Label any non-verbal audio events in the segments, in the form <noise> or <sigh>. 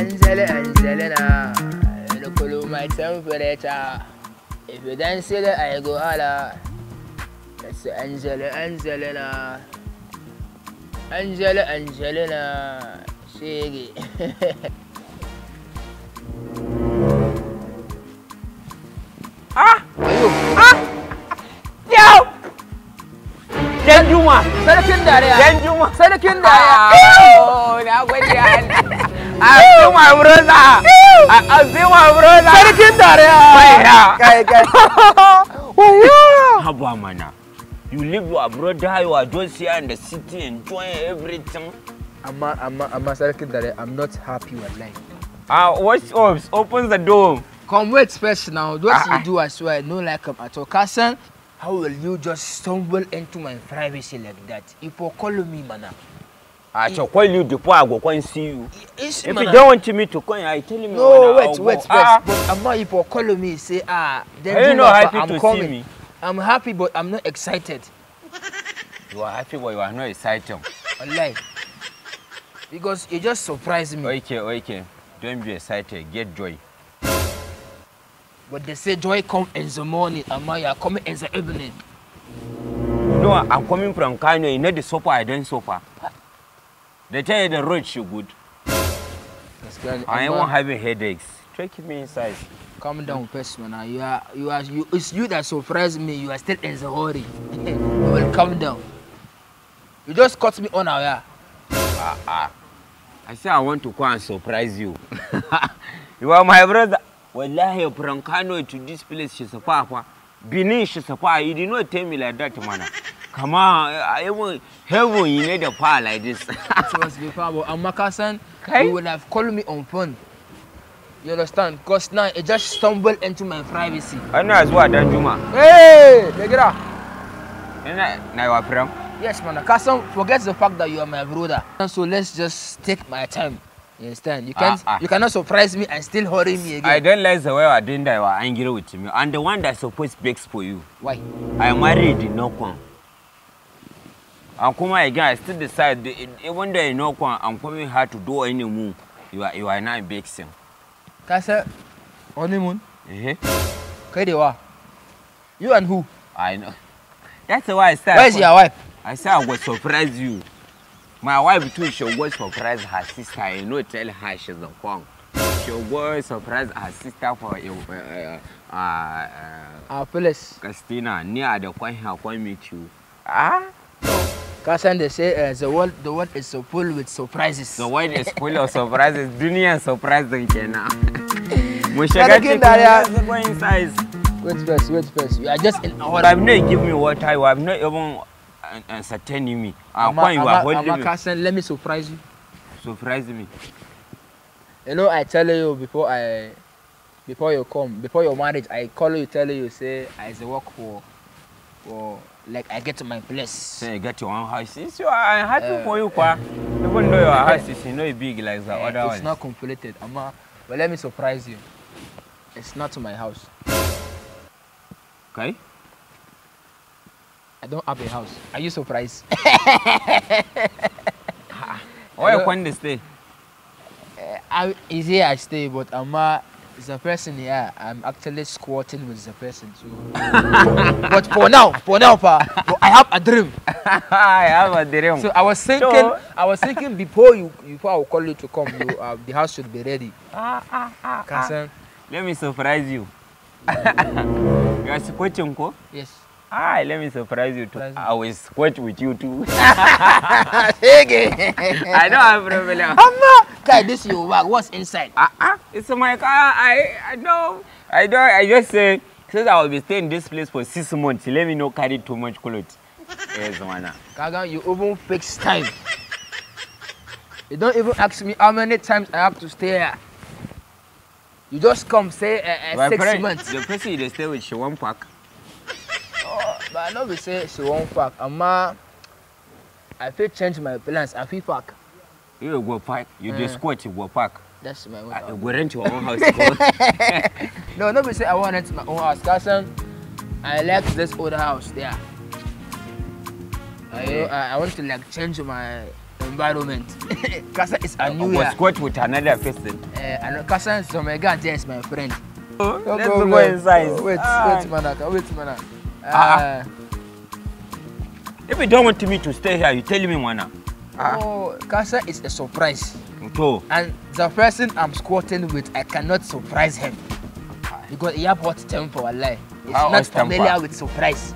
أنزل أنزلنا لكلمة فريتا إبدان سل أيقو على بس أنزل أنزلنا أنزل أنزلنا شيقي Dan Juma. Sarkin dariya. Dan Juma. Sarkin dariya. Ah! Oh, na gode. Asu my brother. Asu my brother. Sarkin dariya. Waya. Kai kai. <laughs> Waya. Haba mana. You leave your brother. you are just here in the city enjoying everything. I'm I'm I'm Sarkin Dare, I'm not happy with life. Ah, uh, watch ops, open the door. Come wait first now. What uh, you ah. do, I swear, I don't like him at all. Carson, how will you just stumble into my privacy like that? If you call me, mana. Acho, why you depot? I go go and see you. If you don't want me to come, I tell you. No, wait, wait, wait. Ah. But Amma, not people calling me say ah. Then Are you not happy I'm to coming. see me? I'm happy, but I'm not excited. You are happy, but you are not excited. Online. Because you just surprised me. Okay, okay. Don't be excited. Get joy. But they say joy come in the morning, and Maya coming in the evening. No, I'm coming from Kano. You know the supper I don't suffer. They tell you the road should good. I won't have headaches. Taking me inside. Calm down, first, man. Ah, you are, you are, you, it's you that surprised me. You are still in the hurry. <laughs> you will calm down. You just caught me on our yeah. Ah, ah. I say I want to come and surprise you. <laughs> you are my brother. Well, I have Prankano to this place, she's a papa. Benin, she's a papa. You did not tell me like that, man. Come on, I kama heaven you need a power like this. it must be power. And Makasan, okay. you would have called me on phone. You understand? Because now it just stumbled into my privacy. I know as well, that Juma. Hey, take it out. Now you are pram. Yes, man. Kasam, forget the fact that you are my brother. So let's just take my time. You understand? You can't. Ah, ah. You cannot surprise me and still hurry me again. I don't like the way you are doing that. You are angry with me. I'm the one that supposed begs for you. Why? I married no one. And come again, I still decide, even though you know, I'm coming here to do any move, you are, you are not big sin. Kasa, only moon? Eh? Kaidewa. You and who? I know. That's why I said. Where's your wife? I said I would surprise you. My wife too, she would surprise her sister. You know, tell her she's a Kwang. She would surprise her sister for you. Uh, uh, uh, uh, Phyllis. Christina, near the Kwang, her Kwang meet you. Ah? kasan they say uh, the world the world is so full with surprises the world is full of surprises <laughs> duniyan surprise din kenan mu shiga cikin going size wait first wait first you are just in our I've not give me water you have not even uh, entertaining me akwan you are holding me kasan let me surprise you surprise me you know I tell you before I before you come before your marriage I call you tell you say I dey work for for like I get to my place. So you get your own house. So I'm happy uh, for you, kwa. Uh, Even though your house is you know, big like the uh, other It's ones. not completed, Ama. But let me surprise you. It's not my house. Okay. I don't have a house. Are you surprised? Where can they stay? Uh, I, is here I stay, but Ama, a person yeah i'm actually squatting with the person so <laughs> but for now for now pa, for i have a dream <laughs> i have a dream so i was thinking so, i was thinking before you before i will call you to come you, uh, the house should be ready ah, ah, ah, ah. let me surprise you <laughs> you are squatting ko yes Hi, let me surprise you too. I will squat with you too. <laughs> I don't have problem. Amma, <laughs> guy, this your bag. What's inside? Ah, uh-uh. it's my car. I, I know. I don't. I just say since I will be staying in this place for six months, let me not carry too much clothes. yes, mana. Kaga, you even fix time. you don't even ask me how many times I have to stay here. You just come say uh, uh, six friend, months. The person you stay with, she won't pack. but I know we say she won't fuck. Ama, I feel change my plans. I feel fuck. You go fuck. You just squat. Mm. You go fuck. That's my way. I go rent your own house. <laughs> no, nobody say I want rent my own house. Cousin, um, I like this old house there. I, yeah. I, I want to like change my environment. Kasa <laughs> is a new year. squat with another person. Uh, Kasa is my guardian is my friend. Oh, let's go, inside. Oh, wait, ah. wait, manaka, wait, manaka. Ah, ah. Eh. if you don't want me to stay here, you tell me, Wana. Oh, Kasa is a surprise. And the person I'm squatting with, I cannot surprise him. Because he have hot temper, Allah. He's How not familiar temper? with surprise.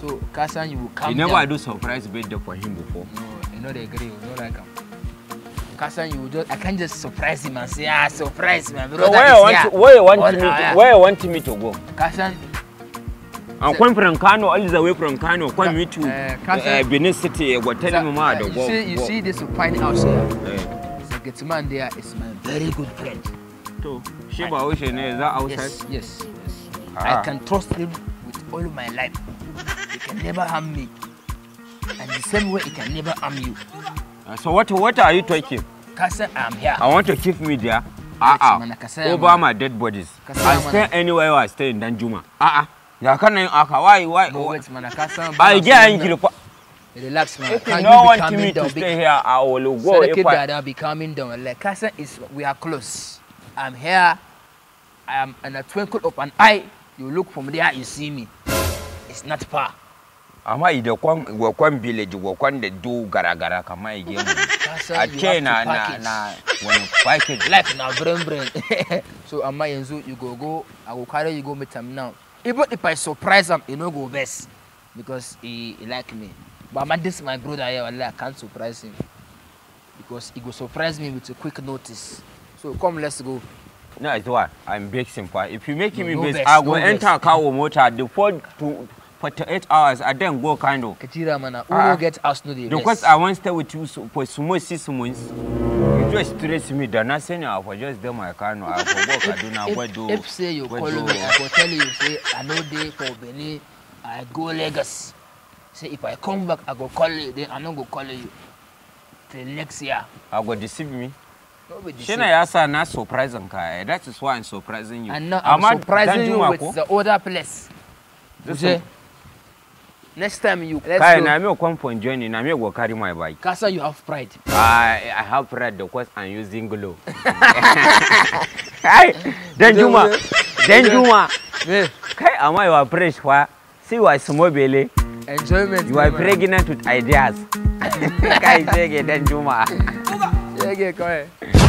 So, Kasa, you will come You never down. do surprise birthday for him before. No, you know they agree. You don't like him. Kasa, you just, I can't just surprise him and say, ah, surprise, my brother I want where, you want me, oh, where you want me to go? Kasa, and come from Kano, all the way from Kano, come me to Benin City, Guantanamo. Uh, eh, ah, you, see, you see this fine house here? Yeah. So get man there is my very good friend. So, Shiba Ocean, eh, is that outside? Yes, yes. Ah. I can trust him with all my life. He can never harm me. And the same way he can never harm you. Uh, so what, what are you talking? Kasa, I'm here. I want to keep me there. Ah, uh ah. -uh. Over my dead bodies. i stay anywhere I stay in Danjuma. Ah, uh ah. Ya kana yin aka why why? Wait man, ka san ba. Ai ga yin gilfa. Relax man. If you no want me to stay here, I will go. So if I... I'll be coming down. Like Kasan is, we are close. I'm here. I am in a twinkle of an eye. You look from there, you see me. It's not far. amma idan kwan kwan village kwan da do gara-gara kama ya gemu a ce na na na wani package life na brain brain <laughs> so amma yanzu you go go i go carry you go meet him now even if i surprise am he no go vex because he e like me but ama this my brother here i can't surprise him because he go surprise me with a quick notice so come let's go. no it's why i'm vexing simple. if you make no, me no i go no enter kawo motor. the four to for eight hours i then go kind of. ketira mana ah, who no ah. get us no dey because i wan stay with you for some more six months you just stress me down. Not saying I for just them I can I for work I do not what do. If say you call me, I for tell you say I no dey for Benin. I go Lagos. Say if I come back, I go call you. Then I no go call you. Till next year. I go deceive me. Shina ya sa na surprising ka. That is why I'm surprising you. And now I'm, I'm surprising you with the other place. This Next time you let's Kai, go. Kai, come for joining. I'm here carry my bike. Kasa, you have pride. I ah, I have pride because I'm using glow. Kai, Denjuma, Denjuma. Kai, am I your fresh for? See you are small belly. Enjoyment. You are pregnant with ideas. <laughs> Kai, take it then Juma. Take it, go ahead.